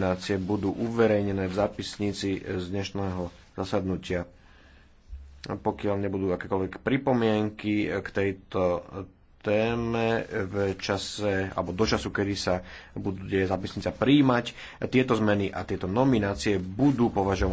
nominácie budú uverejnené v zápisnici z dnešného zasadnutia. A pokiaľ nebudú akékoľvek pripomienky k tejto téme v čase, alebo do času, kedy sa bude zápisnica príjmať, tieto zmeny a tieto nominácie budú považované